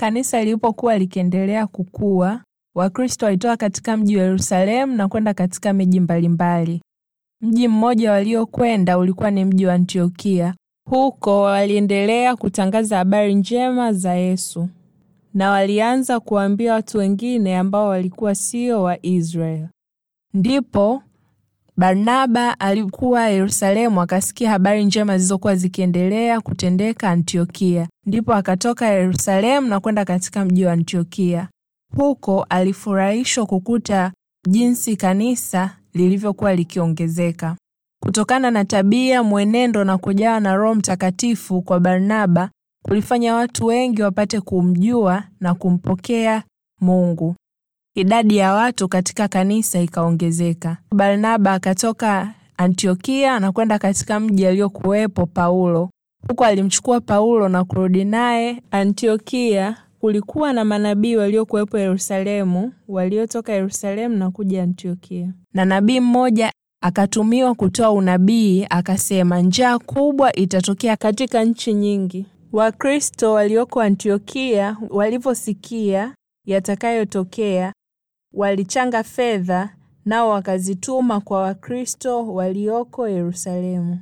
Kanisa lilipokuwa likiendelea kukua, Wakristo walitoka katika mji wa Yerusalemu na kwenda katika miji mbalimbali. Mji mmoja waliokwenda ulikuwa ni mji wa Antiokia. Huko waliendelea kutangaza habari njema za Yesu na walianza kuwaambia watu wengine ambao walikuwa sio wa Israeli. Ndipo Barnaba alikuwa Yerusalemu, akasikia habari njema zilizokuwa zikiendelea kutendeka Antiokia. Ndipo akatoka Yerusalemu na kwenda katika mji wa Antiokia. Huko alifurahishwa kukuta jinsi kanisa lilivyokuwa likiongezeka. Kutokana na tabia, mwenendo na kujawa na Roho Mtakatifu kwa Barnaba kulifanya watu wengi wapate kumjua na kumpokea Mungu idadi ya watu katika kanisa ikaongezeka. Barnaba akatoka Antiokia na kwenda katika mji aliyokuwepo Paulo. Huko alimchukua Paulo na kurudi naye Antiokia. Kulikuwa na manabii waliokuwepo Yerusalemu, waliotoka Yerusalemu na kuja Antiokia. Na nabii mmoja akatumiwa kutoa unabii, akasema njaa kubwa itatokea katika nchi nyingi. Wakristo walioko Antiokia walivyosikia yatakayotokea walichanga fedha nao wakazituma kwa Wakristo walioko Yerusalemu.